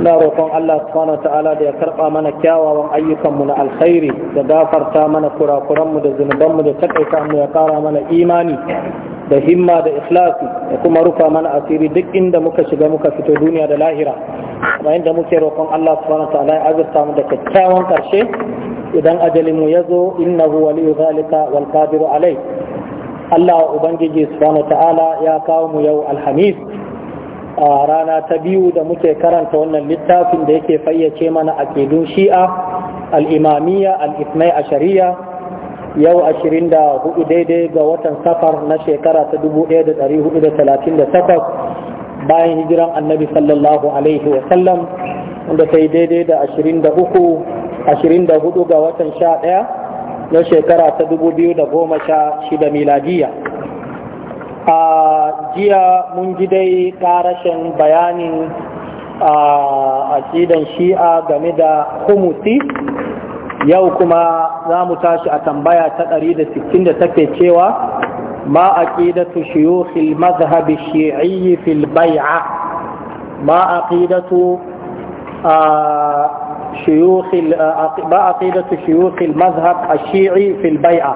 na roƙon Allah subhanahu ta'ala da ya karɓa mana kyawawan ayyukanmu na alkhairi da gafarta mana kurakuranmu da zunubanmu da takaita mu ya ƙara mana imani da himma da ikhlasi da kuma rufa mana asiri duk inda muka shiga muka fito duniya da lahira kuma inda muke roƙon Allah subhanahu ta'ala ya azurta mu da kyakkyawan ƙarshe idan ajalin mu yazo innahu waliyu zalika wal qadiru alai Allah ubangiji subhanahu ta'ala ya kawo mu yau alhamis a rana ta biyu da muke karanta wannan littafin da yake fayyace mana aƙidun shi'a al’imamiya al'ifnai a shari'a yau 24 daidai ga watan safar na shekara ta 1438 bayan hijiran annabi sallallahu alaihi wasallam wanda ta yi daidai da 24 ga watan 11 na shekara ta 2016 miladiya. a jiya mun ji dai karashin bayanin a cidan shi'a game da humusi yau kuma za mu tashi a tambaya ta 160 da take cewa ma aqidatu shuyukhil madhhab shi'i fil bai'a ma ba a ma aqidatu shuyukhil madhhab shi'i fil bai'a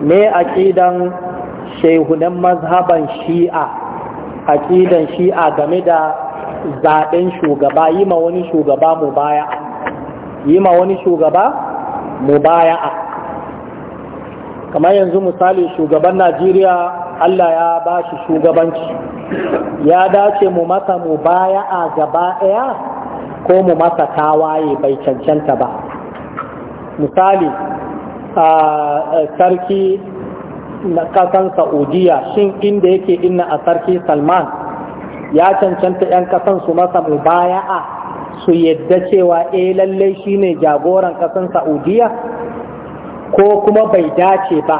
me ƙidan shehunan mazhaban shi'a aƙidan shi'a game da zaɓen shugaba yi ma wani shugaba mu baya yi ma wani shugaba mu baya kamar yanzu misali shugaban najeriya allah ya ba shi shugabanci ya dace mu masa mu baya a gaba ɗaya ko mu masa tawaye bai cancanta ba misali a sarki na kasan saudiya shin inda yake inna a sarki salman ya cancanta 'yan kasan su masa mubaya'a su yadda cewa eh lallai ne jagoran kasan saudiya ko kuma bai dace ba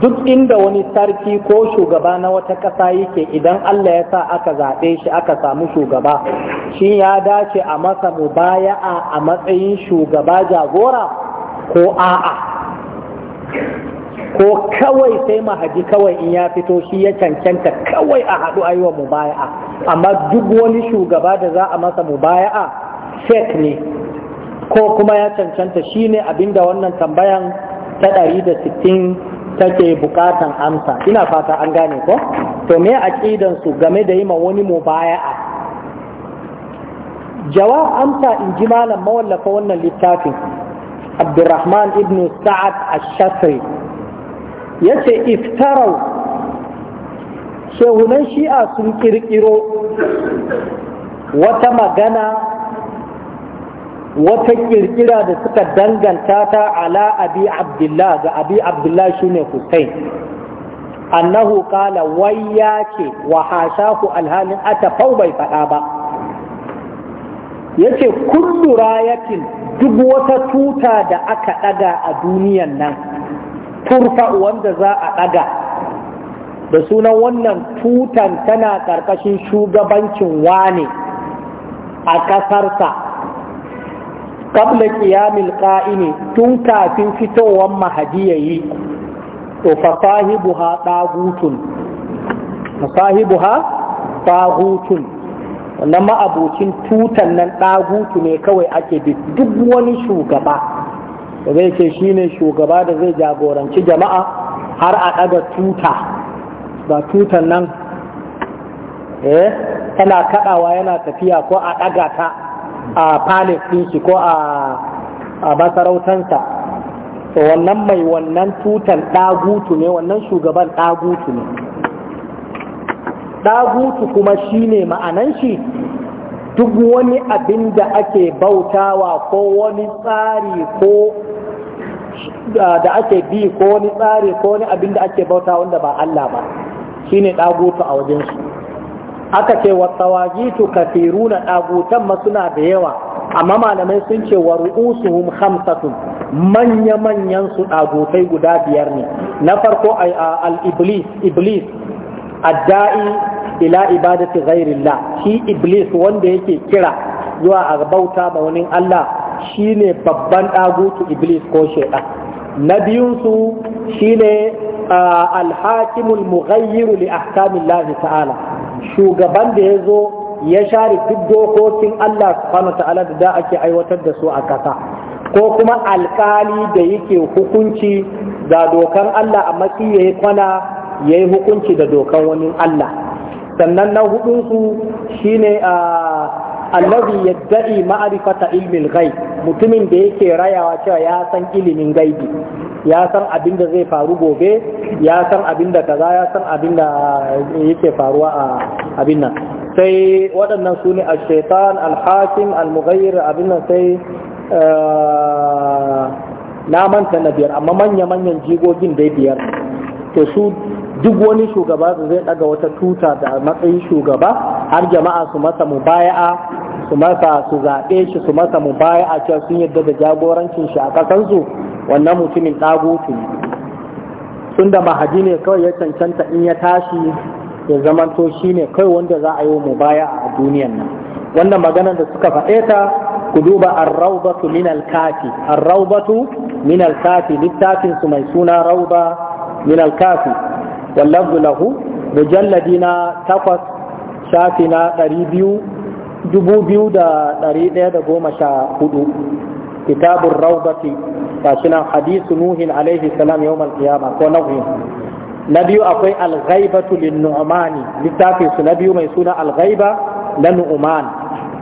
duk inda wani sarki ko shugaba na wata ƙasa yake idan Allah ya sa aka zaɓe shi aka samu shugaba shi ya dace a masa mu mubaya'a a matsayin shugaba jagora ko a'a ko kawai sai mahaji kawai in ya fito shi ya cancanta kawai a haɗu a yi wa mubaya'a amma duk wani shugaba da za a masa mubaya'a fake ne ko kuma ya cancanta shi ne abinda wannan tambayan ta ɗari da sittin take bukatan amsa ina fata an gane ko to me aqidan su game da yima wani mubaya'a jawab amsa in ji malam mawallafa wannan littafin abdurrahman ibn sa'ad ash-shafi'i ya ce iftarau shehunan shi'a sun kirkiro wata magana wata kirkira da suka danganta ta ala abi abdullah ga abi abdullah shine hussein annahu kala wai ya ce wa hashaku alhalin atafau bai faɗa ba ya ce kullu rayatin duk wata tuta da aka ɗaga a duniyan nan turfa wanda za a ɗaga da sunan wannan tutan tana ƙarƙashin shugabancin wane a ƙasarsa ƙabla ƙiyamil ƙa'ini tun kafin fitowar mahadi ya yi to fasahibuha ɗagutun ha ɗagutun wannan ma'abocin tutan nan ɗagutu ne kawai ake bi duk wani shugaba da zai ce shine shugaba da zai jagoranci jama'a har a ɗaga tuta ba tutan nan eh tana kaɗawa yana tafiya ko a ɗaga ta a palace ɗin ko a masarautansa wannan mai wannan tutan ɗagutu ne wannan shugaban ɗagutu ne ɗagutu kuma shi ne ma'anan shi duk wani abin da ake bautawa ko wani tsari ko da ake bi ko wani tsari ko wani abin da ake bauta wanda ba Allah ba shine dagutu a wajensu. aka ce wa tawagitu kafiruna dagutan ma suna da yawa amma malamai sun ce wa ru'usuhum khamsatun manya manyan su dagutai guda biyar ne na farko al iblis iblis addai ila ibadati Allah shi iblis wanda yake kira zuwa a bauta ma wani Allah shine babban dagutu iblis ko shaitan na biyun su shine alhakimul mughayyiru li ahkamillahi ta'ala shugaban da ya zo ya share duk dokokin Allah subhanahu ta'ala da da ake aiwatar da su a kasa ko kuma alkali da yake hukunci da dokan Allah a matsi yayi kwana ya yi hukunci da dokan wani Allah sannan na hudunsu shine a allazi yadda'i ma'rifata ilmil ghaib mutumin da yake rayawa cewa ya san ilimin gaibi ya san abin da zai faru gobe ya san abin da kaza ya san abin da yake faruwa a abin nan sai waɗannan su ne al-shaitan al-hakim al-mughayyir abin nan sai na manta na biyar amma manya-manyan jigogin dai biyar to su duk wani shugaba zai daga wata tuta da matsayin shugaba har jama'a su masa mubaya'a su masa su zaɓe shi su masa mubaya'a cewa sun yadda da jagorancin shi a ƙasansu wannan mutumin ɗagutu ne tun da mahaji ne kawai ya cancanta in ya tashi ya zamanto shi ne kawai wanda za a yi wa mubaya'a a duniyan nan wannan maganar da suka faɗe ta ku duba arraubatu min alkafi arraubatu min alkafi littafin su mai suna rauba min alkafi wallabdu lahu mujalladi na takwas shafi na ɗari biyu dubu biyu da ɗari ɗaya da goma sha hudu kitabun raubati gashi nan hadisu nuhin alaihi salam yau ko nau'in na biyu akwai alghaibatu lin nu'mani littafin su na biyu mai suna alghaiba na nu'man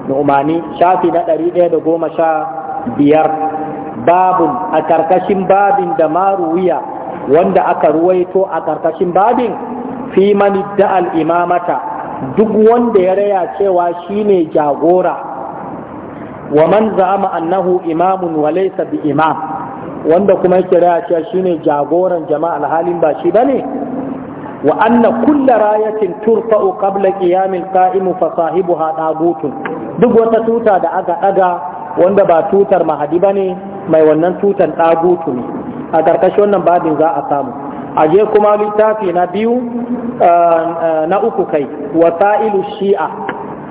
nu'mani shafi na ɗari ɗaya da goma sha biyar babun a karkashin babin da maruwiya wanda aka ruwaito a ƙarƙashin babin fi mani da'al imamata duk wanda ya raya cewa shine jagora wa man za'ama annahu imamun wa laysa bi imam wanda kuma yake raya cewa shine jagoran jama'a alhalin ba shi bane wa anna kulla rayatin turfa'u qabla qiyamil qa'imu fa sahibuha dagutun duk wata tuta da aka daga wanda ba tutar mahadi bane mai wannan tutan dagutu ne a ƙarƙashin wannan babin za a samu A je kuma littafi na biyu eh, eh, na uku kai wasa'ilu shi'a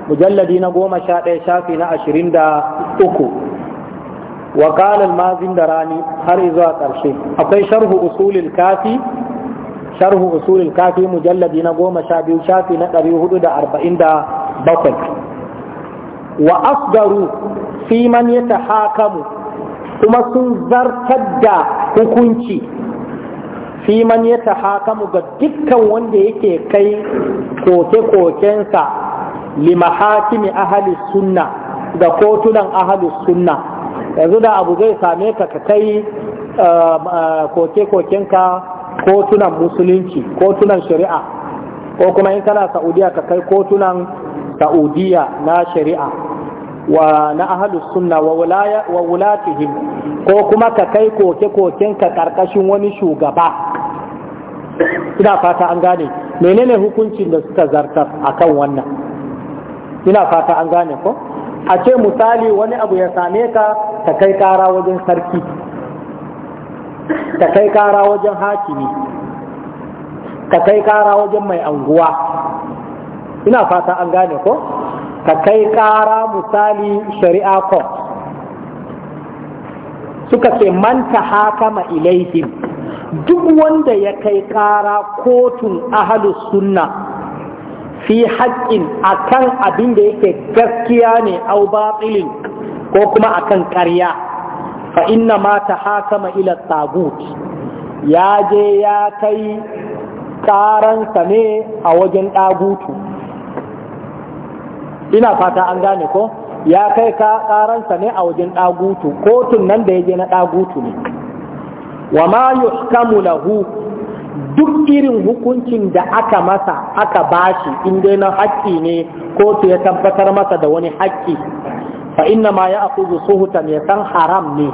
mujalladi na goma sha ɗaya shafi na ashirin da uku wakalar mazin da rani har zuwa ƙarshe akwai sharhu usulil kafi sharhu usulil kafi mujalladi na goma sha biyu shafi na ɗari hudu da arba'in da bakwai wa asgaru fi man ya tahakamu kuma sun zartar da hukunci fi man ya tahakamu ga dukkan wanda yake kai koke-kokensa limahakimi ahali sunna ga kotunan ahali sunna yanzu da abu zai same ka ka kai uh, uh, koke-kokenka kotunan musulunci kotunan shari'a ko kuma in kana saudiya ka kai kotunan saudiya na shari'a wa na ahalus sunna wa wulatihim ko kuma ka kai koke-koken ka karkashin wani shugaba ina fata an gane menene hukuncin da suka zartar akan wannan ina fata an gane ko a ce misali wani abu ya same ka ka kai kara wajen sarki ka kai kara wajen hakimi ka kai kara wajen mai anguwa ina fata an gane ko ka kai ƙara misali shari'a ko suka ce manta hakama ilaihim duk wanda ya kai ƙara kotun ahalus sunna fi haƙƙin akan abin da yake gaskiya ne au batilin ko kuma akan ƙarya fa inna ma ta hakama ila tagut ya je ya kai ƙaransa ne a wajen ɗagutu ina fata an gane ko ya kai ka karansa ne a wajen ɗagutu kotun nan da ya je na ɗagutu ne wa ma yuhkamu lahu duk irin hukuncin da aka masa aka bashi in dai na haƙƙi ne kotu ya tabbatar masa da wani haƙƙi fa inna ma ya akuzu suhutan ya san haram ne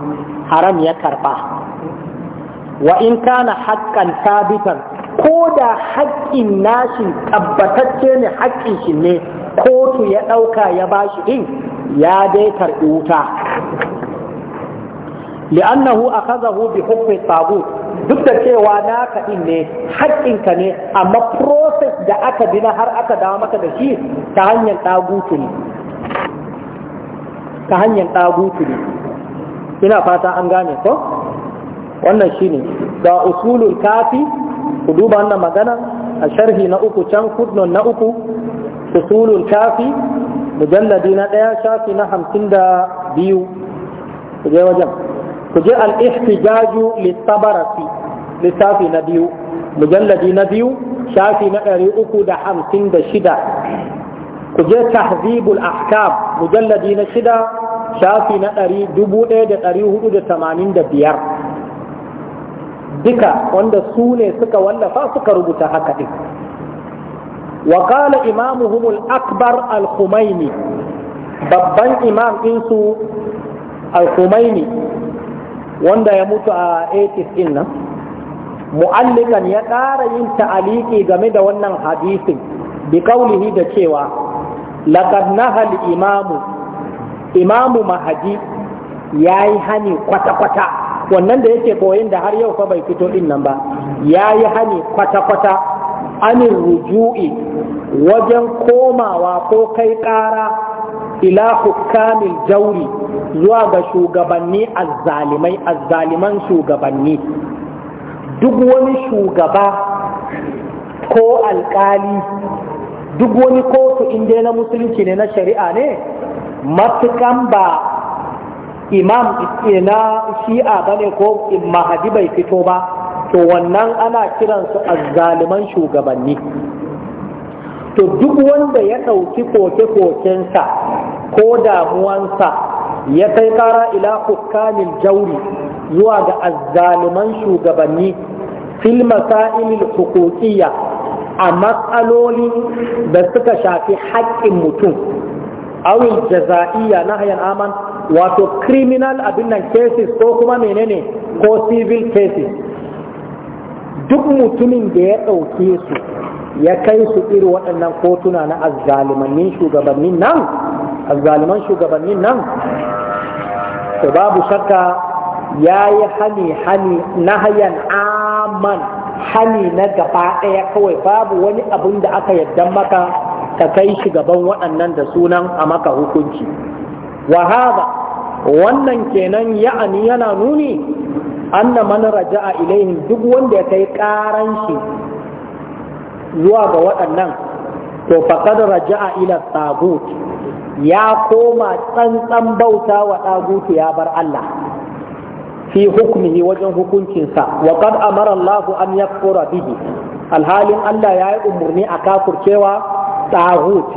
haram ya karba wa in kana haƙƙan sabitan ko da haƙƙin nashi tabbatacce ne haƙƙin shi ne kotu ya ɗauka ya bashi ɗin ya dai karɓi wuta li'annahu hu bi hukumai tagut duk da cewa na ɗin ne haƙƙinka ne amma process da aka bi na har aka dawo maka da shi ta hanyar ɗagutu ne ta hanyar ɗagutu ne ina fata an gane ko wannan shi ne ga usulun kafi ku duba wannan magana a sharhi na uku can kudnon na uku usulul kafi mujalladi na ɗaya shafi na hamsin da biyu ku je wajen ku je al littabarasi littafi na biyu mujalladi na biyu shafi na ɗari uku da hamsin da shida ku je tahzibul ahkam mujalladi na shida shafi na ɗari dubu ɗaya da ɗari hudu da tamanin da biyar duka wanda su ne suka wallafa suka rubuta haka ɗin wa qala imamuhum al-akbar al-khumaini babban imam ɗinsu al-khumaini wanda ya mutu a 80 ɗin nan mu'allikan ya ƙara yin ta'aliki game da wannan hadisin bi kaulihi da cewa laqad nahal imamu imamu mahadi yayi hani kwata-kwata wannan da yake koyin da har yau fa bai fito din nan ba ya yi hani kwata-kwata anin ruju'i wajen komawa ko kai ƙara ila hukamil jauri zuwa ga shugabanni azzalimai azzaliman shugabanni duk wani shugaba ko alkali duk wani kotu inda na musulunci ne na shari'a ne matukan ba imam na shi'a bane ko mahadi bai fito ba to wannan ana kiransu zaliman shugabanni to duk wanda ya ɗauki koke-kokensa ko damuwansa ya kai kara ila hukamin jauri zuwa ga azzaliman shugabanni fil sa'ilin hukukiya a matsalolin da suka shafi haƙƙin mutum awil jaza'iyya nahyan aman wato criminal abin nan cases ko kuma menene ko civil cases duk mutumin da ya ɗauke su ya kai su iri waɗannan kotuna na azzalimannin shugabannin nan azzaliman shugabannin nan to babu shakka ya yi hani hani hayan aman hani na gaba ɗaya kawai babu wani abin da aka yaddan maka ka kai shi gaban waɗannan da sunan a maka hukunci wa wannan kenan ya'ani yana nuni anna man raja'a ilaihim duk wanda ya kai karan shi zuwa ga waɗannan to faqad raja'a ila tagut ya koma tsantsan bauta wa tagutu ya bar Allah fi hukmihi wajen hukuncinsa wa qad amara Allah an yakfura bihi alhalin Allah ya yi umarni a kafurcewa ɗahut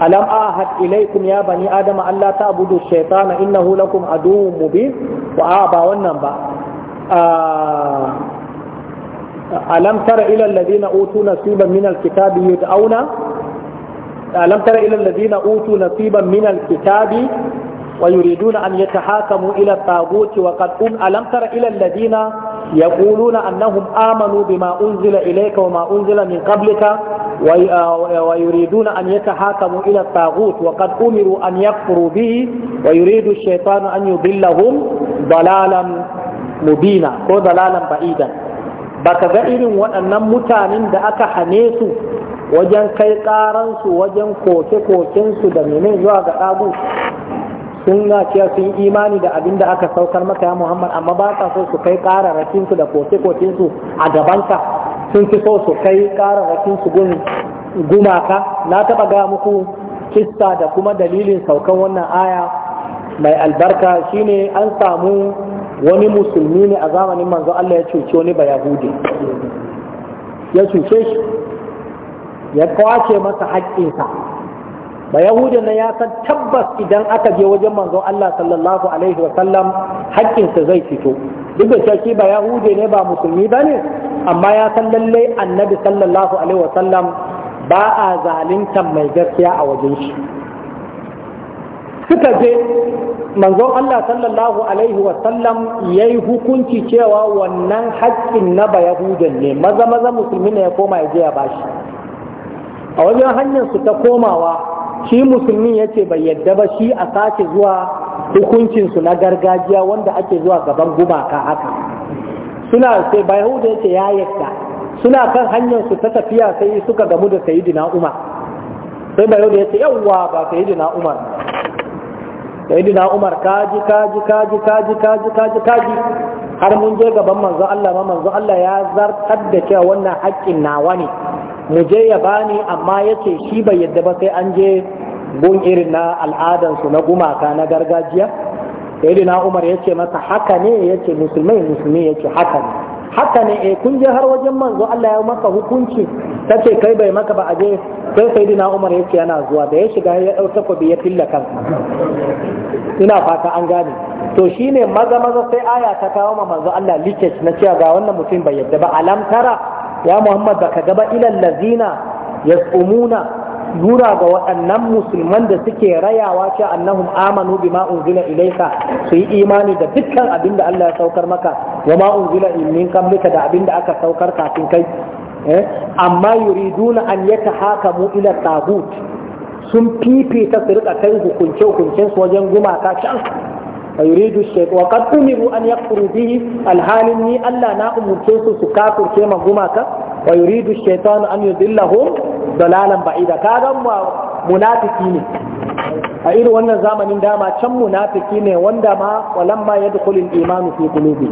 alam ahad ilaikum ya bani adama Allah ta abudu shaitana innahu lakum aduwwun mubin wa a ba wannan ba alam tara ila alladhina utu nasiban min alkitabi yud'auna alam tara ila alladhina utu nasiban min alkitabi wa yuriduna an yatahakamu ila at-taghut alam tara يقولون أنهم آمنوا بما أنزل إليك وما أنزل من قبلك آه، آه، ويريدون أن يتحاكموا إلى الطاغوت وقد أمروا أن يكفروا به ويريد الشيطان أن يضلهم ضلالا مبينا أو ضلالا بعيدا baka ga irin waɗannan mutanen da aka hane su wajen kai ƙaransu wajen koke sun na cewa sun yi imani da abin da aka saukar maka ya Muhammad amma ba sa so su kai kararrakin su da koke su a gabanka sun fi so su kai kararrakin su gun gumaka na taba ga muku kista da kuma dalilin saukan wannan aya mai albarka shine an samu wani musulmi ne a zamanin manzo Allah ya cuce wani ba Yahudi ya cuce shi ya kwace masa haƙƙinsa ba na nan ya san tabbas idan aka je wajen manzon Allah sallallahu alaihi wasallam haƙƙinsa zai fito duk da cewa shi ba ne ba musulmi ba ne amma ya san lallai annabi sallallahu alaihi wasallam ba a zaluntan mai gaskiya a wajen shi suka je manzon Allah sallallahu alaihi wasallam ya yi hukunci cewa wannan haƙƙin na ba ne maza maza musulmi ne ya koma ya je ya bashi a wajen hanyar su ta komawa shi musulmin ya ce bai yadda ba shi a sake zuwa hukuncinsu na gargajiya wanda ake zuwa gaban gumaka haka suna sai bai hudu ya ce ya yadda suna kan hanyar su ta tafiya sai suka gamu da na umar sai bai hudu ya ce yawwa ba na umar na umar kaji kaji kaji kaji kaji kaji kaji har mun je gaban manzo Allah ma manzo Allah ya zartar da cewa wannan haƙƙin nawa ne mu je ya bani amma ya ce shi bai yadda ba sai an je gun irin na al'adansu na gumaka na gargajiya sai na umar ya ce masa haka ne ya ce musulmai musulmi ya ce haka ne haka ne eh kun je har wajen manzo Allah ya maka hukunci ta ce kai bai maka ba a je sai sai na umar ya ce yana zuwa da ya shiga ya ɗau takobi ya filla kansa ina fata an gane to shine maza maza sai aya ta kawo ma manzo Allah likes na cewa ga wannan mutum bai yadda ba alam tara ya muhammad ba ka gaba ilal lazina yasumuna zura ga waɗannan musulman da suke rayawa ce annahum amanu bima unzila ilaika su yi imani da dukkan abin da Allah ya saukar maka wa ma unzila min qablika da abin da aka saukar kafin kai eh? amma yuriduna an mu ila tagut sun fifita su rika kai hukunce hukuncen su wajen gumaka can fa yuridu an yakfuru bihi alhalin ni Allah na umurce su su kafirce ma gumaka wa yuridu shaytan an yudillahum dalalan ba'ida kaga munafiki ne a irin wannan zamanin dama can munafiki ne wanda ma walamma yadkhulul imanu fi qulubi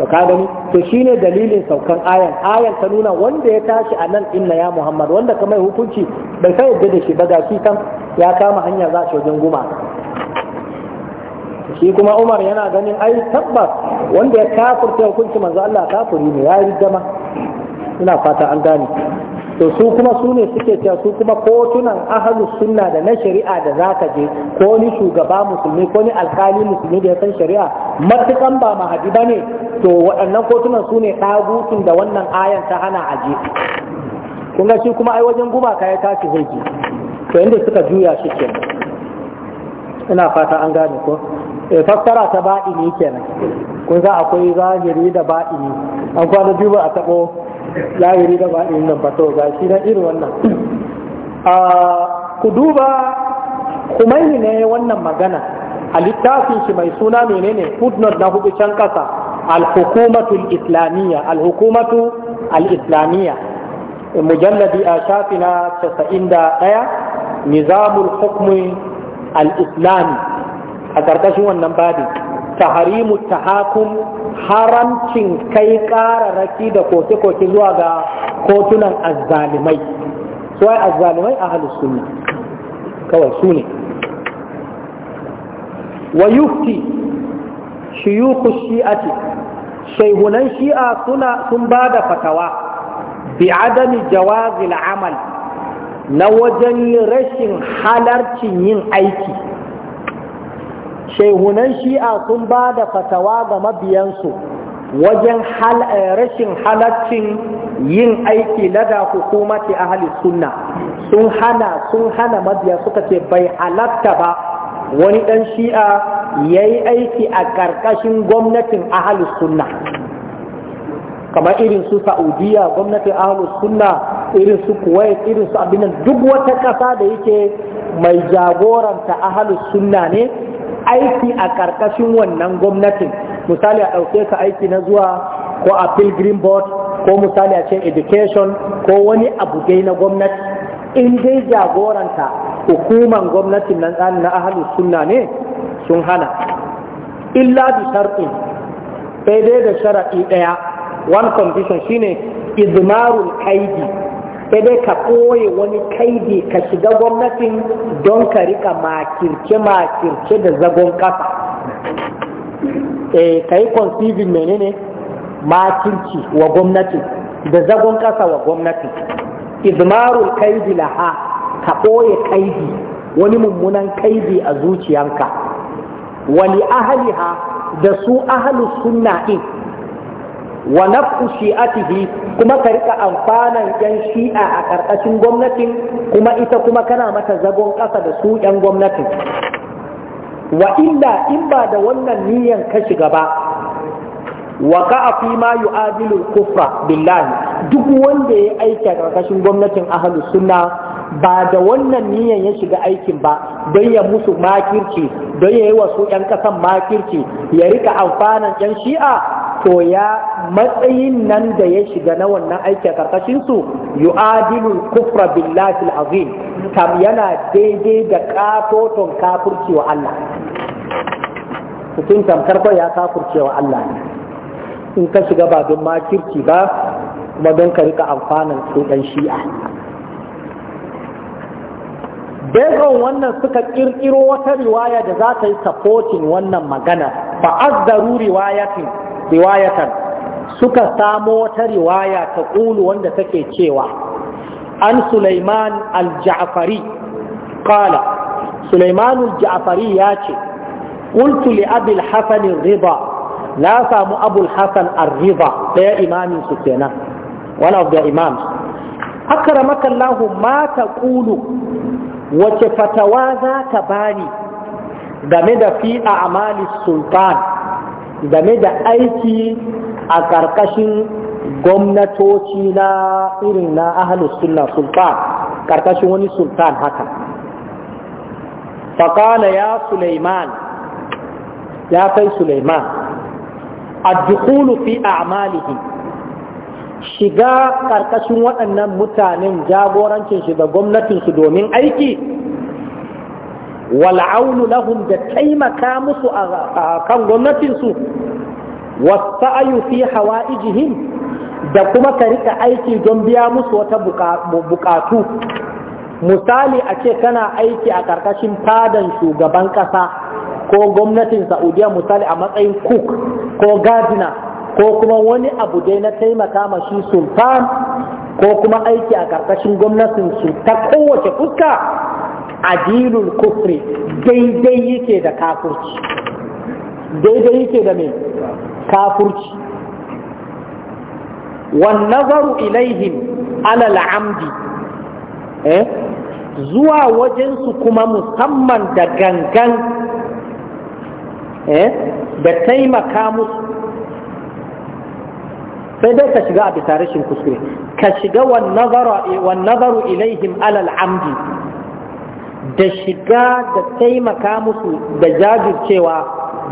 to ka gani to shine dalilin saukan ayan ayan ta nuna wanda ya tashi a nan inna ya muhammad wanda kamar hukunci bai kai yadda da shi ba ga shi ya kama hanya za shi wajen guma shi kuma Umar yana ganin ai tabbas wanda ya kafirta hukunci manzo Allah kafiri ne ya yi dama ina fata an gane to su kuma su ne suke cewa su kuma kotunan ahalu sunna da na shari'a da zaka je ko ni shugaba musulmi ko ni alkali musulmi da ya san shari'a matukan ba mahadi ba ne to waɗannan kotunan su ne ɗagutun da wannan ayan ta hana aje kun ga shi kuma ai wajen gumaka ya tashi zai to inda suka juya shi kenan ina fata an gane ko Eh, fassara ta baɗini kenan kun za akwai zahiri da baɗini an kwana biyu ba a taɓo zahiri da baɗini nan ba to ga shi na irin wannan ah, ku duba kumaini ne wannan magana a littafin shi mai suna menene footnote na hudu can kasa al-hukumatu al-islamiyya al-hukumatu al mujalladi a shafi na 91 nizamul hukmi al-islami a ƙarƙashin wannan harimu ta tahakum haramcin kai ƙara raki da koke-koke zuwa ga kotunan azzalimai wai azzalimai a sunna kawai su ne wa yufti shiyuku shi'ati shaihunan shi'a suna sun ba da fatawa bi adami jawazil amal na wajen rashin halarcin yin aiki shehunan shi'a sun ba da fatawa ga mabiyansu wajen eh, rashin halaccin yin aiki na da hukumati ahli sunna sun hana sun hana mabiya suka ce bai halatta ba wani dan shi'a ya yi aiki a ƙarƙashin gwamnatin ahli sunna kamar irin su saudiya gwamnatin ahli sunna irin su kuwait irin su abinan duk wata ƙasa da yake mai jagoranta ahli sunna ne aiki a ƙarƙashin wannan gwamnatin misali a ɗauke ka aiki na zuwa ko a pilgrim board ko misali a ce education ko wani abu dai na gwamnati in dai jagoranta hukuman gwamnatin nan tsani na ahalus sunna ne sun hana illa bi shar'in sai da sharaɗi ɗaya one condition shine izmarul kaidi sai ka ɓoye wani kaidi ka shiga gwamnatin don ka rika makirce-makirce da zagon kafa eh ka yi conceiving menene makirci wa gwamnati da zagon kasa wa gwamnati idmarul kaidi laha ka ɓoye kaidi wani mummunan kaidi a zuciyanka wani ahaliha da su ahalus sunna wa nafsu shi'atihi kuma ka rika amfanan yan shi'a a ƙarƙashin gwamnatin kuma ita kuma kana mata zagon ƙasa da su yan gwamnatin wa illa in ba da wannan niyan ka shiga ba wa ka'a fi ma yu'adilu kufra billahi duk wanda ya aiki a ƙarƙashin gwamnatin ahlus sunna ba da wannan niyan ya shiga aikin ba don ya musu makirci don ya yi wa 'yan ƙasan makirci ya rika amfanan 'yan shi'a Koya matsayin nan da ya shiga na wannan aiki a karkashin su yu'adilul kufra billahi azim kam yana daidai da katoton kafurci wa Allah mutum tamkar ko ya kafurce wa Allah in ka shiga ba don makirci ba kuma don ka rika amfanin tsodan shi'a Bezon wannan suka kirkiro wata riwaya da za ta yi supporting wannan magana ba fa'azzaru riwayatin riwayatan suka samo wata riwaya ta ƙulu wanda take cewa an Sulaiman al-Ja'fari qala Sulaiman al-Ja'fari ya ce ƙultu li Abi al na samu Abu al-Hasan ar-Ridha daya imamin su kenan one of the imams akramaka Allah ma taqulu wace fatawa za ta bani game da fi a'mali sultan game da aiki a ƙarƙashin gwamnatoci na irin na ahalus sunna sultan ƙarƙashin wani sultan haka faƙala ya suleiman ya kai suleiman a fi a'malihi shiga ƙarƙashin waɗannan mutanen jagorancin shiga gwamnatinsu domin aiki wal'aunu lahum da taimaka musu a kan gwamnatinsu wasu ayu fi ijihin da kuma ka rika aiki don biya musu wata bukatu misali a ce kana aiki a karkashin fadan shugaban kasa ko gwamnatin saudiya misali a matsayin cook ko gadina ko kuma wani abu dai na taimaka ma sultan ko kuma aiki a karkashin gwamnatin su ta kowace fuska adilul kufri daidai yake da kafurci daidai yake da mai kafurci ilaihim ala al'amdi eh zuwa wajensu kuma musamman da gangan eh da taimaka musu sai dai ka shiga a bisa rashin kuskure ka shiga ilaihim ala al'amdi da shiga da taimaka musu da jajircewa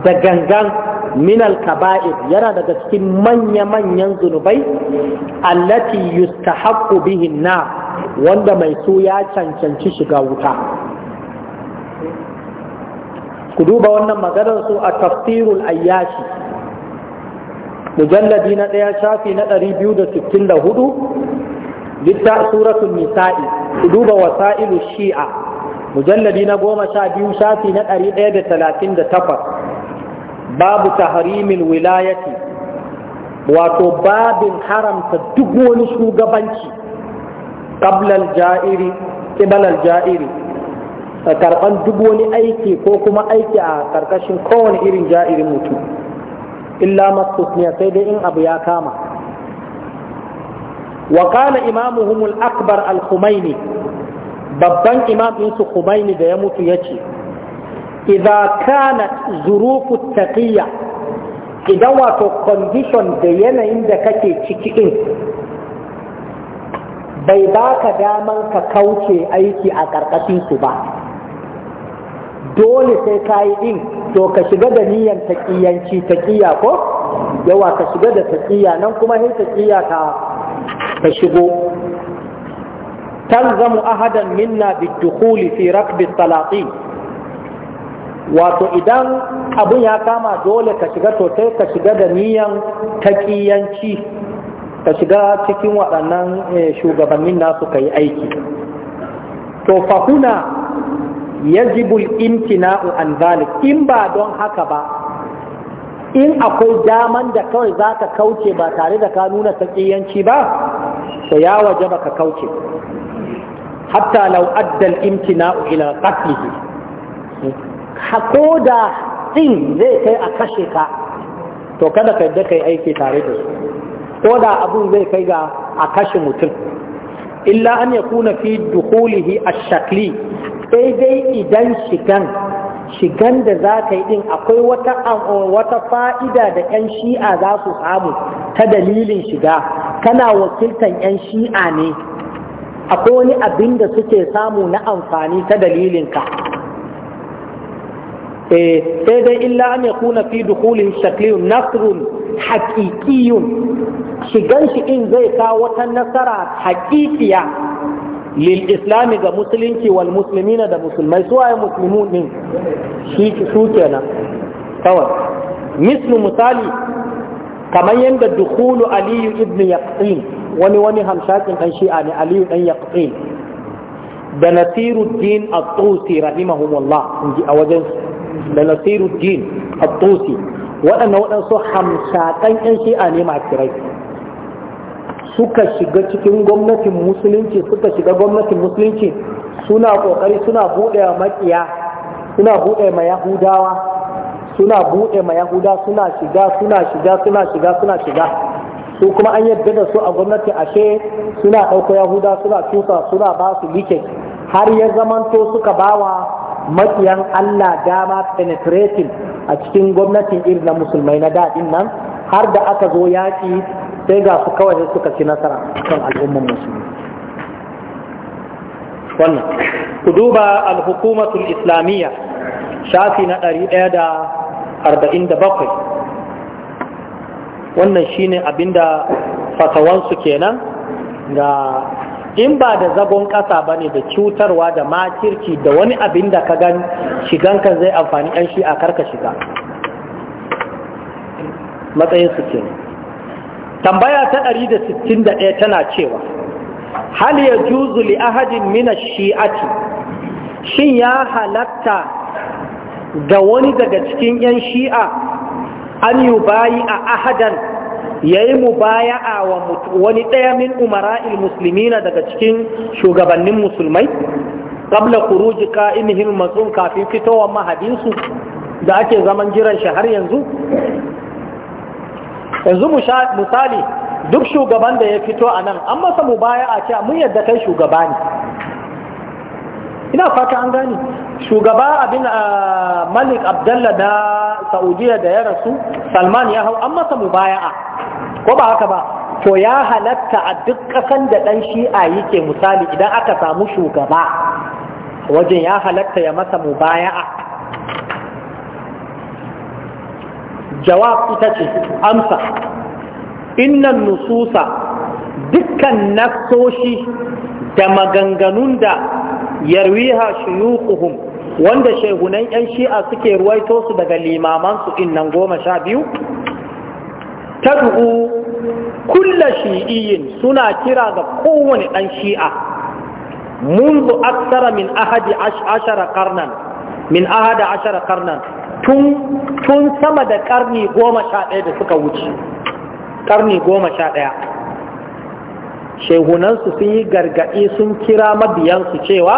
da gangan minal kaba'ir yana daga cikin manya-manyan zunubai allati yustahaqqu bihin na wanda mai su ya cancanci shiga wuta ku duba wannan maganar su a tafsirul ayyashi mujalladi na ɗaya shafi na 264 litta suratul nisa'i ku duba wasa'ilu shi'a mujalladi na goma sha biyu shafi na ɗari ɗaya da talatin da takwas babu tahrimil wilayati wato babin haramta duk wani shugabanci ƙablal ja'iri ƙibalal ja'iri karɓan duk wani aiki ko kuma aiki a ƙarƙashin kowane irin ja'irin mutum illa mastusniya sai dai in abu ya kama wa qala imamuhum akbar al-khumaini babban imam ɗinsu da ya mutu ya ce idza kana zurufu taƙiyya, idan wato condition da yanayin da kake ciki din bai baka daman ka kauce aiki a ƙarƙashin su ba dole sai ka yi din to ka shiga da niyyar taqiyanci taqiya ko yawa ka shiga da taqiya nan kuma sai taqiya ka ka shigo talzamu ahadan minna bidukhuli fi rakbi salati wato idan abun ya kama dole ka shiga to ka shiga da niyan taƙiyanci, ka shiga cikin waɗannan eh, shugabannin nasu ka yi aiki to fahuna yajibu imtina'u an zalik in ba don haka ba in akwai daman da kawai za ka kauce ba tare da ka nuna taƙiyanci ba to ya waje ba ka kauce hatta law addal imtina'u ila qatlihi ko da din zai kai a kashe ka to kada ka yadda kai aiki tare da su ko da abun zai kai ga a kashe mutum illa an kuna fi dukulihi a shakli sai dai idan shigan shigan da za ka yi din akwai wata wata fa'ida da 'yan shi'a za su samu ta dalilin shiga kana wakiltan 'yan shi'a ne akwai wani abin da suke samu na amfani ta dalilinka eh, sai dai illa an ya kuna fi dukulin shakliyun nasrun haƙiƙiyun shigan shi in zai kawo wata nasara haƙiƙiya lil islami ga musulunci wal musulmina da musulmai su waye musulmun din shi su kenan kawai mislu misali kamar yadda dukulu aliyu ibn yaqin wani wani hamshakin dan shi'a ne aliyu dan yaqin da nasiruddin at-tusi rahimahumullah inji a wajen da nasiruddin at-tusi waɗannan waɗansu hamshakan yan shi'a ne makirai suka shiga cikin gwamnatin musulunci suka shiga gwamnatin musulunci suna kokari suna buɗe makiya suna buɗe ma yahudawa suna buɗe ma yahuda suna shiga suna shiga suna shiga suna shiga su kuma an yadda da su a gwamnati ashe suna ɗauko yahuda suna tusa suna ba su like har ya zamanto suka bawa makiyan Allah dama penetrating a cikin gwamnatin irin na musulmai na daɗin nan har da aka zo yaƙi sai ga su kawai suka ci nasara kan al'umman musulmi wannan ku duba al-hukumatul islamiyya shafi na 147 wannan shine abinda fatawansu kenan ga in ba da zagon ƙasa ba ne da cutarwa da makirci da wani abin da ka gan shiganka zai amfani ɗan shi a karka shiga matsayinsu ke tambaya ta 161 tana cewa hal ya juzu li ahadin mina shi'ati shin ya halatta ga wani daga cikin 'yan shi'a an yi bayi a ahadan ya yi mubaya'a wa wani ɗaya min umara'il musulmina daga cikin shugabannin musulmai ƙabla kuruji ka'inihim matsum kafin fitowar mahadinsu da ake zaman jiran shi har yanzu yanzu misali duk shugaban da ya fito a nan an masa mubaya'a ce mun yadda kai shugaba ne ina fata an gani shugaba abin ah, malik abdallah na saudiya da ya rasu salman ya hau an masa mubaya'a ko ba haka ba to ya halatta a duk ƙasan da ɗan shi'a yake misali idan aka samu shugaba wajen ya halatta ya masa mubaya'a jawab ita ce amsa innan nususa dukkan nasoshi da maganganun da yarwiha shuyuquhum wanda shehunan yan shi'a suke ruwaito su daga limaman su innan goma sha biyu tad'u kulla shi'iyin suna kira ga kowane dan shi'a منذ أكثر من أحد عشر قرنا من أحد عشر tun sama da karni goma sha ɗaya da suka wuce Ƙarni goma sha ɗaya shehunansu sun yi gargaɗi sun kira mabiyansu cewa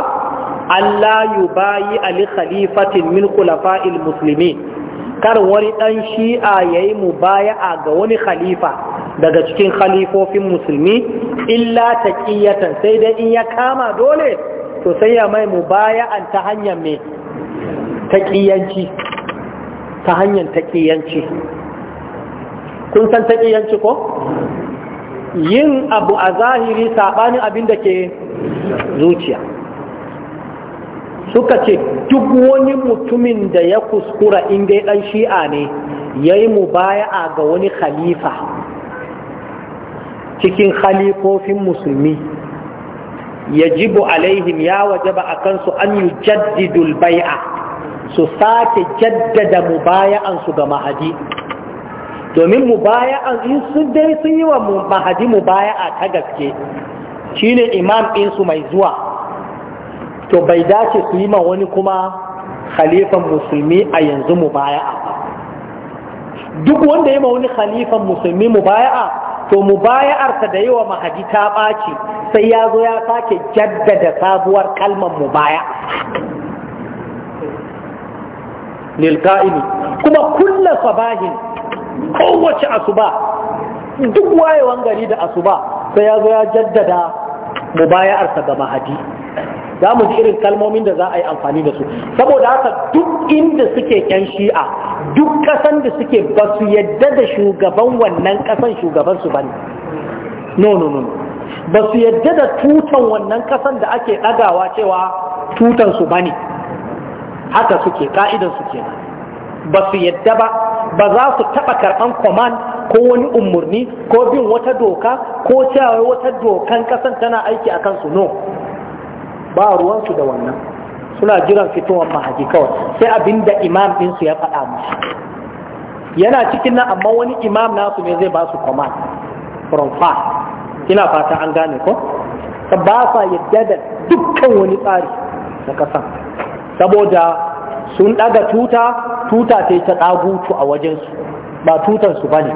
Allah yu bayi ali khalifatin min khulafa'il musulmi kar wani ɗan shi'a ya yi mubaya'a ga wani khalifa daga cikin khalifofin musulmi illa ta ƙiyatan sai dai in ya kama dole to sai ya mai mubaya'an ta hanyar mai taƙiyanci ta hanyar taƙiyanci kun san taƙiyanci ko yin abu a zahiri saɓanin abin da ke zuciya suka ce duk wani mutumin da ya kuskura inda ya ɗan shi'a ne ya yi mu mubaya'a ga wani khalifa cikin khalifofin musulmi ya ji jibu alaihim ya waje ba a kansu an yi jaddidul bai'a su sake jaddada mu su ga mahadi domin mubaya'a in sun dai sun yi wa mahadi mubaya'a ta gaske shi shine imam ɗinsu mai zuwa to bai dace su yi ma wani kuma khalifan musulmi a yanzu a duk wanda yi ma wani khalifan musulmi a to mubaya'arsa da yi wa mahadi ta ɓaci sai ya zo ya sake jaddada sabuwar kalmar mubaya'a lilka'ini kuma kulla sabahin kowace asuba duk wayewan gari da asuba sai ya zo ya jaddada mubaya'arsa ga mahadi za mu ji irin kalmomin da za a yi amfani da su saboda haka duk inda suke yan shi'a duk ƙasan da suke ba su yadda da shugaban wannan kasan shugaban su bane no no no ba su yadda da tutan wannan kasan da ake ɗagawa cewa tutan su bane haka suke ka'idan su kenan ba su yadda ba ba za su taɓa karɓan command ko wani umarni ko bin wata doka ko cewa wata dokan ƙasan tana aiki a kansu no ba ruwansu da wannan suna jiran fitowar mahaji kawai sai abin da imam ɗinsu ya faɗa musu yana cikin nan amma wani imam nasu ne zai ba su command from far ina fata an gane ko ba sa yadda da dukkan wani tsari na ƙasan saboda sun ɗaga tuta tuta ta yi ta ɗagutu a wajensu ba tutansu ba ne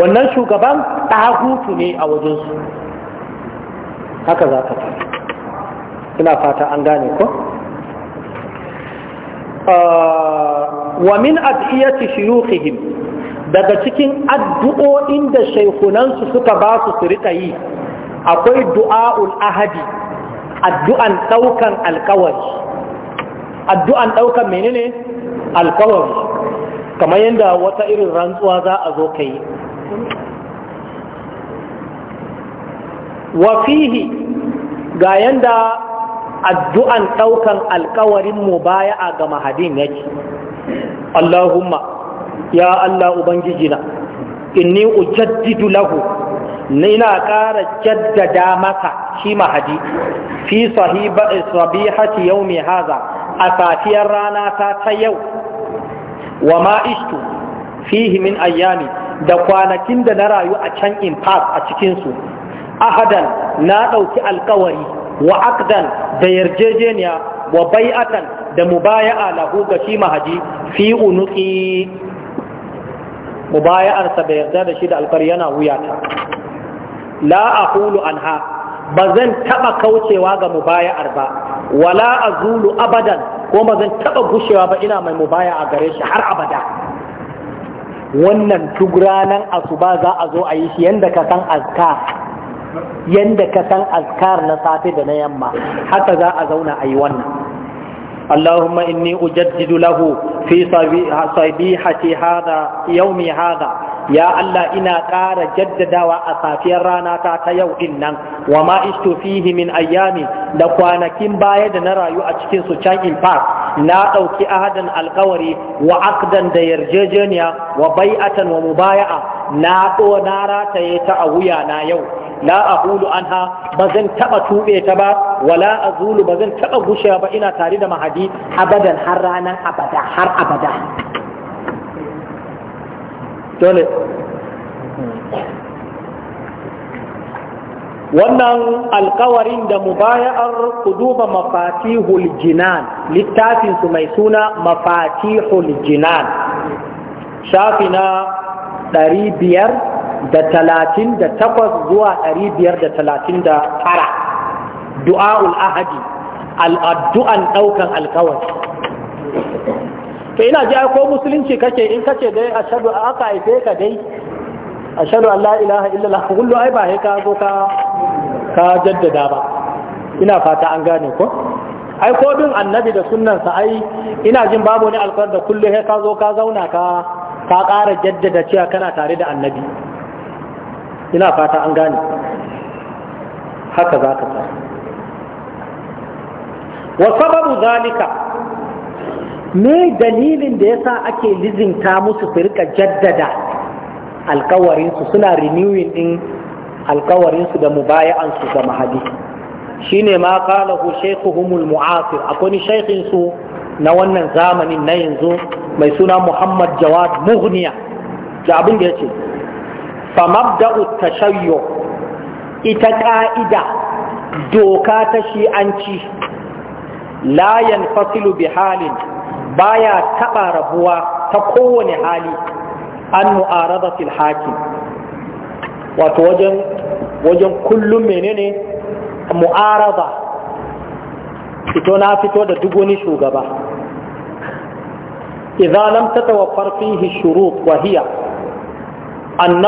wannan shugaban ɗagutu ne a wajensu haka za ka ina fata an gane ko uh, wa min ad'iyati shuyukhihim daga cikin addu'o'in da shaykhunan suka ba su su rika yi akwai du'a'ul ahadi addu'an ɗaukan alkawari addu'an ɗaukan menene alkawari kamar yadda wata irin rantsuwa za a zo ka yi wafihi ga yadda addu'an ɗaukan alkawarin mu baya a ga mahadin yake Allahumma ya Allah Ubangijina inni ujaddidu lahu ina ƙara jaddada masa shi mahadi fi sahibati yau mai haza a safiyar rana ta ta yau wa ma'ishtu fihi min ayyami da kwanakin da na rayu a can in pass a cikinsu ahadan na ɗauki alkawari wa akdan da yarjejeniya wa bai'atan da mubaya'a lahu ga shi mahaji fi unuki mubaya'arsa da yarda da shi da alkawari yana wuyata la aqulu anha ba zan taɓa kaucewa ga mubaya'ar ba wala azulu abadan ko ba zan taba gushewa ba ina mai mubaya a gare shi har abada wannan duk ranar asuba za a zo a yi shi yadda ka san azkar ka san azkar na safe da na yamma haka za a zauna a yi wannan اللهم إني أجدد له في صبيحة هذا يومي هذا ya Allah ina ƙara jaddadawa a safiyar rana ta ta yau din nan wa ma istu fihi min ayyami da kwanakin baya da na rayu a cikin su can in park na ɗauki ahadan alkawari wa akdan da yarjejeniya wa bai'atan wa mubaya'a na ɗo na rataye ta a wuya na yau la aqulu anha bazan taba tube ta ba wala azulu bazan taba gushe ba ina tare da mahadi abadan har ranan abada har abada dole wannan alkawarin da mubaya'ar ku duba mafatihul jinan littafin su mai suna mafatihul jinan shafi na 538 zuwa 539 du'a'ul ahadi al'addu'an ɗaukan alkawari Ka ina ji ko musulunci kake in kace dai ashadu a aka haife ka dai a an Allah ilaha illallah kullu ai ba haika zo ka ka jaddada ba ina fata an gane ko ai ko din annabi da sunnansa ai ina jin babu ne alƙar da kullu sai ka zo ka zauna ka ka ƙara jaddada cewa kana tare da annabi ina fata an gane haka za ka wa sababu zalika me dalilin da yasa ake lizinta musu su rika jaddada alkawarinsu suna renewing din alkawarinsu da mubaya'ansu ga mahadi shine ma qalahu shaykhuhumul mu'asir akwai shaykhin na wannan zamanin na yanzu mai suna Muhammad Jawad muhniya da abin da yace fa mabda'u ita ka'ida doka ta shi'anci la yanfasilu bi halin baya taɓa rabuwa ta kowane hali an mu'arada fil hakim wato wajen wajen kullum menene mu'arada fito na fito da duk wani shugaba idza lam tatawaffar fihi shurut wa hiya an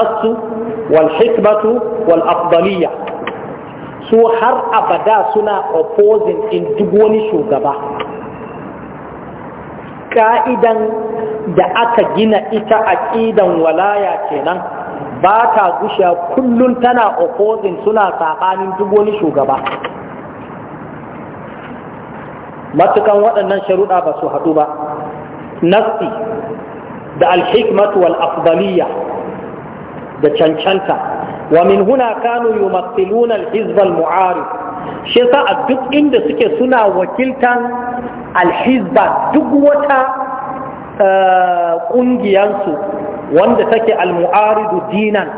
wal hikmatu wal afdaliyya su har abada suna opposing in duk wani shugaba ka'idan da aka gina ita aqidan walaya kenan ba ta gushiya kullum tana opposing suna saɓanin duk wani shugaba matukan waɗannan sharuɗa ba su haɗu ba nasti da alhikmatu wal afdaliya da cancanta wa min huna kanu yumathiluna al-hizb al-mu'arif shi a duk inda suke suna wakiltan alhizba duk wata eh, ƙungiyarsu wanda take almu'aridu dinan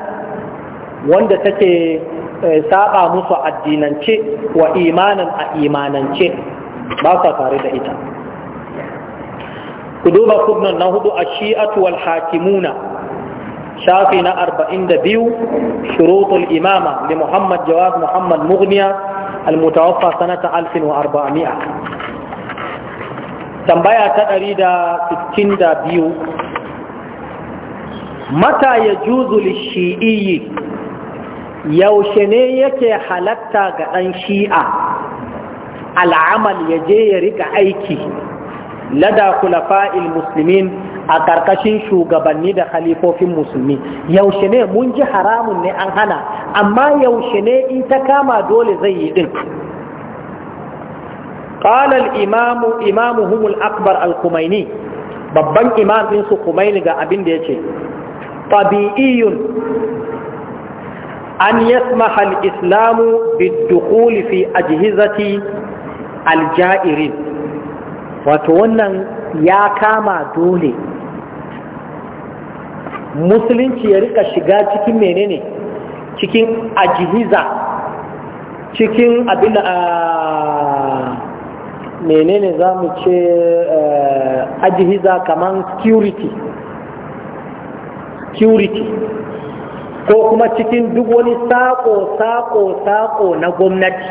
wanda take eh, saba musu addinance wa imanan a imanance ba sa tare da ita ku duba kudnan na hudu a shi'atu wal hakimuna shafi na 42 shurutul imama li muhammad jawab muhammad mughniya mutawaffa سنة 1400 tambaya ta ɗari da sittin da biyu mata ya juzu shi'iyi yaushe ne yake halatta ga ɗan shi'a al'amal ya je ya riƙa aiki lada kulafa'il musulmin a ƙarƙashin shugabanni da khalifofin musulmi yaushe ne mun ji haramun ne an hana amma yaushe ne in ta kama dole zai yi ɗin قال Imamu imam الخميني akbar al-kumaini babban imam din su kumaini ga abin da yace tabi'iyun an yasmaha al-islam bid-dukhul fi ajhizati al wato wannan ya kama dole musulunci ya rika shiga cikin menene cikin ajihiza cikin abin menene za mu ce eh, ajihiza kaman security security ko kuma cikin duk wani sako-sako-sako na gwamnati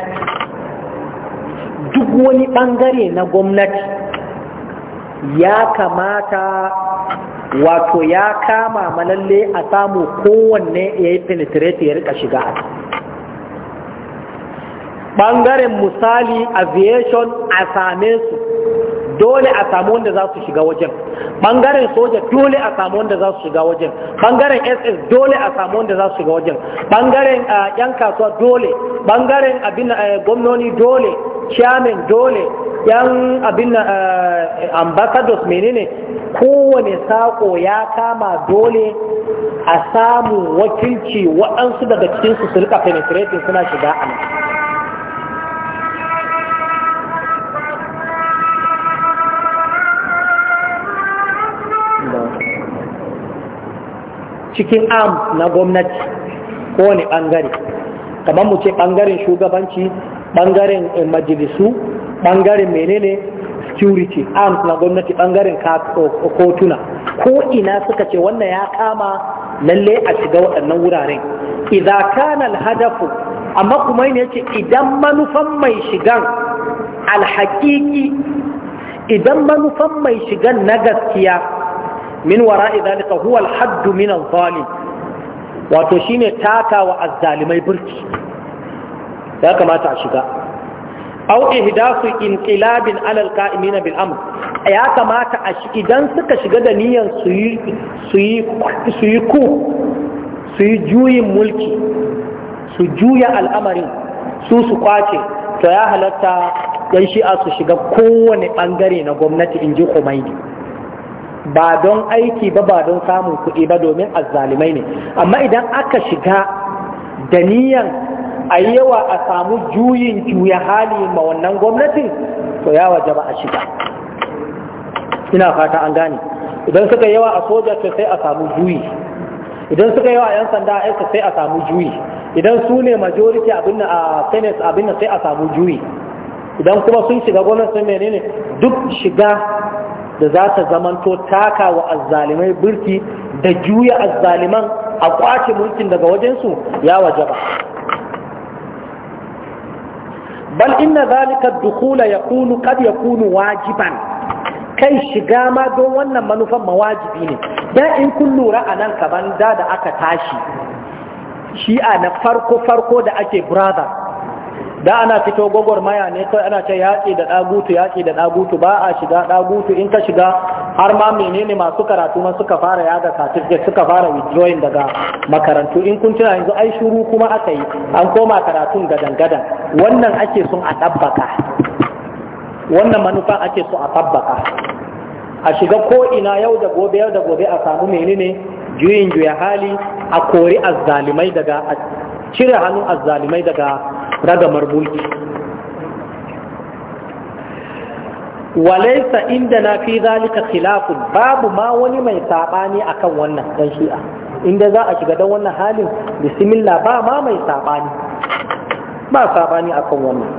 duk wani bangare na gwamnati ya kamata wato ya kama malalle a samu kowanne ya yi penetrate ya rika shiga ɓangaren misali aviation a same su dole a samu wanda za su shiga wajen ɓangaren soja dole a samu wanda za su shiga wajen ɓangaren ss dole a samu wanda za su shiga wajen ɓangaren yan ah, kasuwa dole ɓangaren abin eh, gwamnoni dole chairman dole yan abin ah, ambassadors menene kowane sako ya kama dole a samu wakilci waɗansu daga cikinsu su rika penetrating suna shiga a nan cikin am na gwamnati kowane bangare kamar mu ce bangaren shugabanci bangaren eh, majalisu bangaren menene security arms na gwamnati bangaren kotuna ko ina suka ce wannan ya kama lalle a shiga waɗannan wuraren idza kana alhadafu amma kuma ne yace idan manufan mai shigan alhaqiqi idan manufan mai shigan na gaskiya min wara'i zalika huwa al-hadd min al-zalim wato shine taka wa azzalimai burki ya kamata a shiga aw ihdasu inqilabin ala al-qa'imina bil amr ya kamata a shiga. idan suka shiga da niyyar su yi su yi su yi ku su yi juyin mulki su juya al'amarin su su kwace to ya halatta yan shi'a su shiga kowane bangare na gwamnati in ji Khomeini ba don aiki ba ba don samun kuɗi ba domin azzalimai ne amma idan aka shiga da niyan a yawa a samu juyin juya hali ma wannan gwamnatin to ya waje ba a shiga ina fata an gane idan suka yawa a soja sai a samu juyi idan suka yawa a 'yan sanda a aika sai a samu juyi idan su ne majority abin a senate abin sai a samu juyi idan kuma sun shiga gwamnati menene duk shiga da za ta zamanto taka wa azzalimai birki da juya azzaliman a kwace mulkin daga wajensu ya wajaba bal inna zalika dukula yakunu kad yakunu wajiban kai shiga ma don wannan manufan mawajibi ne da in kun lura a nan kaban da da aka tashi shi'a na farko farko da ake brother da ana fito gwagwarmaya ne kai ana ce yaƙi da ɗagutu yaƙi da ɗagutu ba a shiga ɗagutu in ka shiga har ma menene masu karatu ma suka fara yaga certificate suka fara withdrawing daga makarantu in kun tuna yanzu ai shuru kuma aka yi an koma karatun gadan gadan wannan ake son a tabbaka wannan manufa ake so a tabbaka a shiga ko ina yau da gobe yau da gobe a samu menene juyin juya hali a kori azzalimai daga cire hannun azzalimai daga ragamar mulki walaisa inda na fi zalika khilafun babu ma wani mai saɓani akan wannan dan shi'a inda za a shiga dan wannan halin bismillah ba ma mai saɓani ba saɓani akan wannan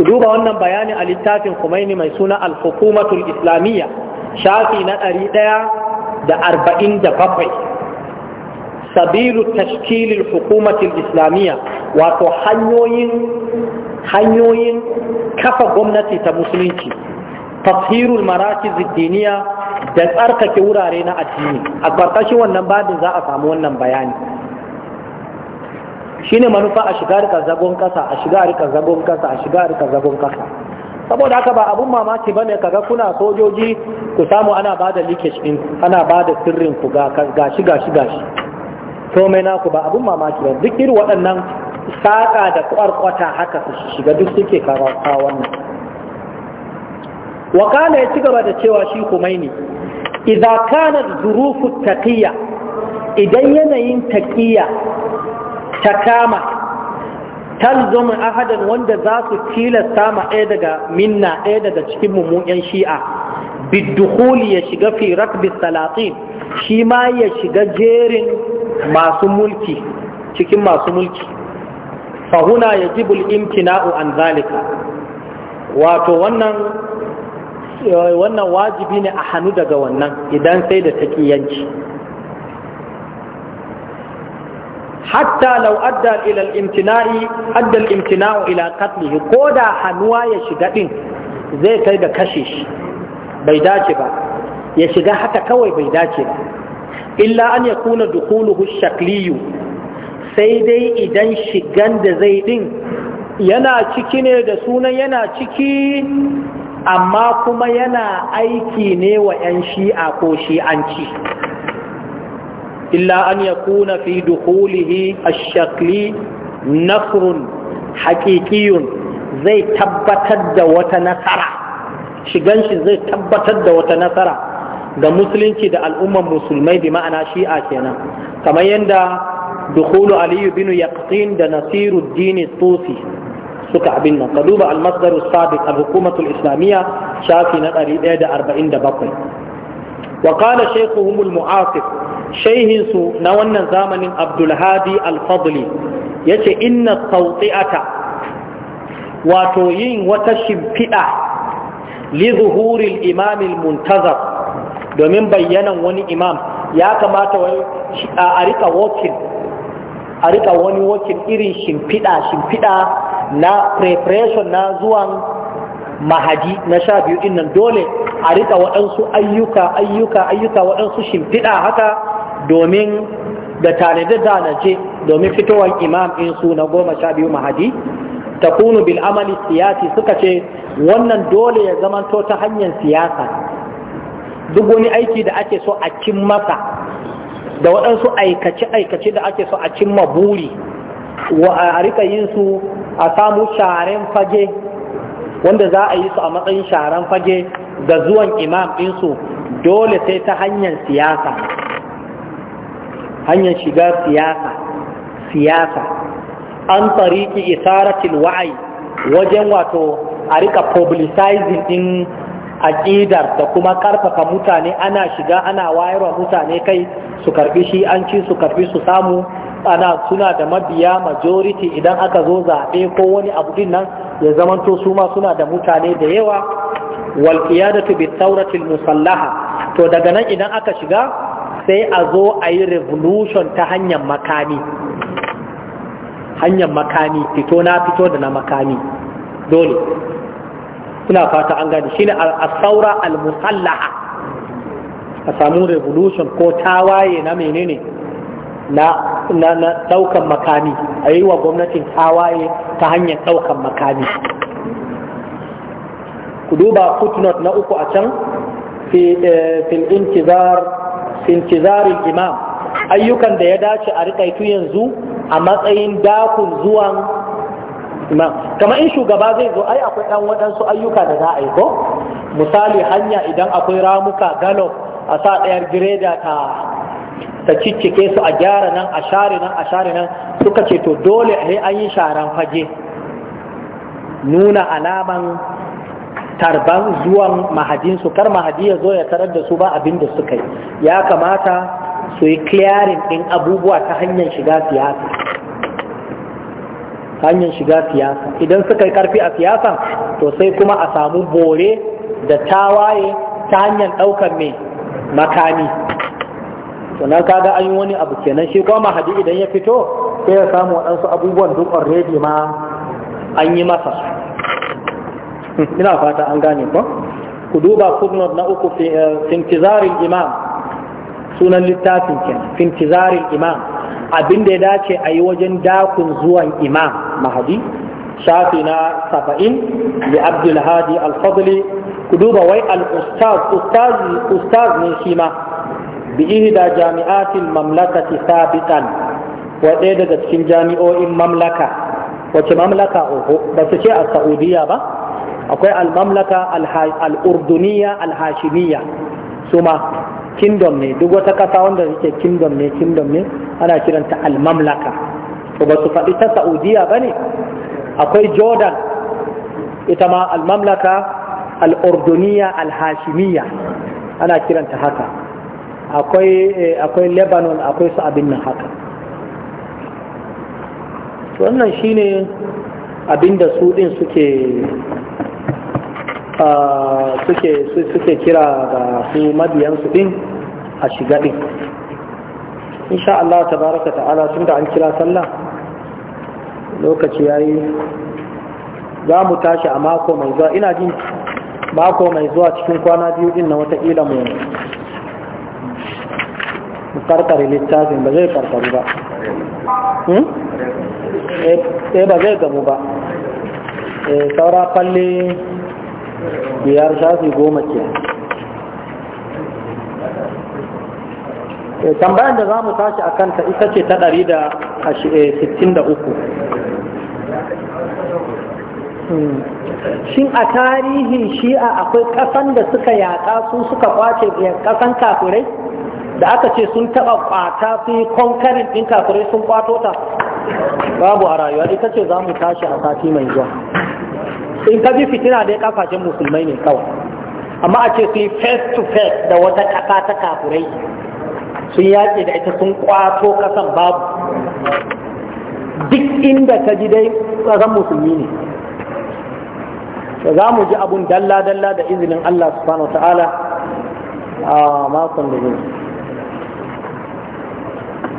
ku duba wannan bayanin a littafin kumaini mai suna al-hukumatul islamiyya shafi na ɗari ɗaya da arba'in da bakwai sabilu tashkili hukumatil islamiyya wato hanyoyin hanyoyin kafa gwamnati ta musulunci tafhirul marakiz diniya da tsarkake wurare na addini a ƙarƙashin wannan babin za a samu wannan bayani shine manufa a shiga rika zagon kasa a shiga rika zagon kasa a shiga rika zagon kasa saboda haka ba abun mamaki bane kaga kuna sojoji ku samu ana bada leakage ɗin ana ba da sirrin ku ga gashi gashi gashi komai naku ba abun mamaki ba duk irin waɗannan saƙa da ƙwarƙwata haka su shiga duk suke kawo wannan wakala ya ci gaba da cewa shi kumaini idza kanat zurufu taqiya idan yanayin taqiya ta kama talzum ahadan wanda za su tilasta ma ɗaya daga minna ɗaya daga cikin mummuyan shi'a bidduhuli ya shiga fi rakbi salatin shi ma ya shiga jerin masu mulki cikin masu mulki fahuna ya jibul imtina'u an zalika wato eh, wannan wajibi ne a hannu daga wannan idan sai da taƙiyanci hatta lau adda imtinau ila qatlihi ko da hannuwa ya shiga din zai kai da kashe shi bai dace ba ya shiga haka kawai bai dace ba illa an ya kuna dukuluhu shakliyu sai dai idan shigan da zai din yana ciki ne da sunan yana ciki amma kuma yana aiki ne wa 'yan shi'a ko shi'anci illa an ya kuna fi dukulihi a shakli nafrun haƙiƙiyun zai tabbatar da wata nasara shigan shi zai tabbatar da wata nasara ga musulunci da al'ummar musulmai bi ma'ana shi'a kenan kamar yadda dukulu aliyu bin yaqin da nasiru dini tusi suka abin nan ka duba almasdar sabiq al-hukumatul islamiyya shafi na 147 wa qala shaykhuhum al-mu'asif shayhin su na wannan zamanin abdul hadi al-fadli yace inna tawti'ata wato yin wata shimfiɗa li zuhuril imamil muntazar domin bayyanan wani imam ya kamata a rika a rika wani wakil irin shimfiɗa shimfiɗa na preparation na zuwan mahadi na sha biyu ɗin nan dole a rika waɗansu ayyuka ayyuka ayyuka waɗansu shimfiɗa haka domin da tanaje-tanaje domin fitowar imam ɗinsu na goma sha biyu mahadi ta kunu bil amali siyasi suka ce wannan dole ya zamanto ta hanyar siyasa duk wani aiki da ake so a cin masa da waɗansu aikace-aikace da ake so a cimma buri a rika yin su a samu sharen fage wanda za a yi su a matsayin sharen fage da zuwan imam ɗinsu dole sai ta hanyar siyasa hanyar shiga siyasa siyasa an tsariki isaratil wa'ai wajen wato a rika publicizing ɗin aƙidar da kuma ƙarfafa mutane ana shiga ana wayarwa mutane kai su karbi shi an ci su karbi su samu ana suna da mabiya majority idan aka zo zaɓe ko wani abu din nan ya zamanto su ma suna da mutane da yawa wal qiyadatu bi thawratil musallaha to daga nan idan aka shiga sai a zo a yi revolution ta hanyar makami hanyar makami fito na fito da na makami dole ina fata an gane shine al-saura al-musallaha a samu revolution ko tawaye na menene na na na daukan makami a yi wa gwamnatin tawaye ta hanyar daukan makami ku duba footnote na uku a can fi eh, fil intizar intizar imam ayyukan da ya dace a rika yanzu a matsayin dakun zuwan na kamar in shugaba zai zo ai akwai ɗan waɗansu ayyuka da za a yi ko misali hanya idan akwai ramuka galo a sa ɗayar gireda ta ta ciccike su a gyara nan a share nan a share nan suka ce to dole sai an yi sharan fage nuna alaman tarban zuwan mahadinsu kar mahadi ya zo ya tarar da su ba abin da suka yi ya kamata su yi clearing ɗin abubuwa ta hanyar shiga siyasa hanyar shiga siyasa idan suka yi karfi a siyasa to sai kuma a samu bore da tawaye ta hanyar ɗaukar mai makami to nan kaga an yi wani abu kenan shi kuma mahadi idan ya fito sai ya samu waɗansu abubuwan duk already ma an yi masa ina fata an gane ko ku duba footnote na uku fintizarin eh, imam sunan littafin kenan fintizarin imam abin da ya dace a yi wajen dakun zuwan imam mahadi shafi na saba'in da abdulhadi alfadli ku duba wai al-ustaz ustaz ne shi ma bi ihda jami'atin mamlakati sabiqan wa ɗaya daga cikin jami'o'in mamlaka wace mamlaka uku ba su ce a saudiya ba akwai al-mamlaka al-urduniya al hashimiya su ma kingdom ne duk wata ƙasa wanda yake kingdom ne kingdom ne ana kiranta al-mamlaka to ba su faɗi ta saudiya ba ne akwai jordan ita ma al-mamlaka al-urduniya al hashimiya ana kiranta haka eh, akwai lebanon akwai su abin nan haka wannan shine abin da su ɗin suke ah, suke kira ga su mabiyansu ɗin a shiga ɗin insha Allah baraka ta'ala tun da an kira sallah lokaci ya yi za mu tashi a mako mai zuwa ina jin mako mai zuwa cikin kwana biyu din na watakila mu karkare littafin ba zai karkaru ba hmm? eh, eh ba zai gabu ba eh, saura falle biyar shafi goma ke eh, tambayan da za mu tashi a kanta ita ce ta 163 shin a tarihin shi'a akwai kasan da suka yaƙa su suka kwace kasan kafirai da aka ce sun taɓa ƙwata su yi konkarin ɗin kafirai sun kwato ta babu a rayuwa ita ce za mu tashi a sati mai zuwa in ka bi fitina dai kafashen musulmai ne kawai amma a ce su yi face to face da wata ƙasa ta kafirai sun yaƙi da ita sun kwato kasan babu duk inda ka ji dai ƙasan musulmi ne da za mu ji abun dalla-dalla da izinin Allah subhanahu wa ta'ala a makon da zai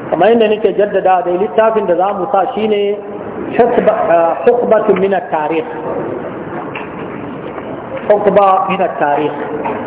kamar yadda nake jaddada da littafin da za mu sa shine hukbatun minar tarih hukba minar tarih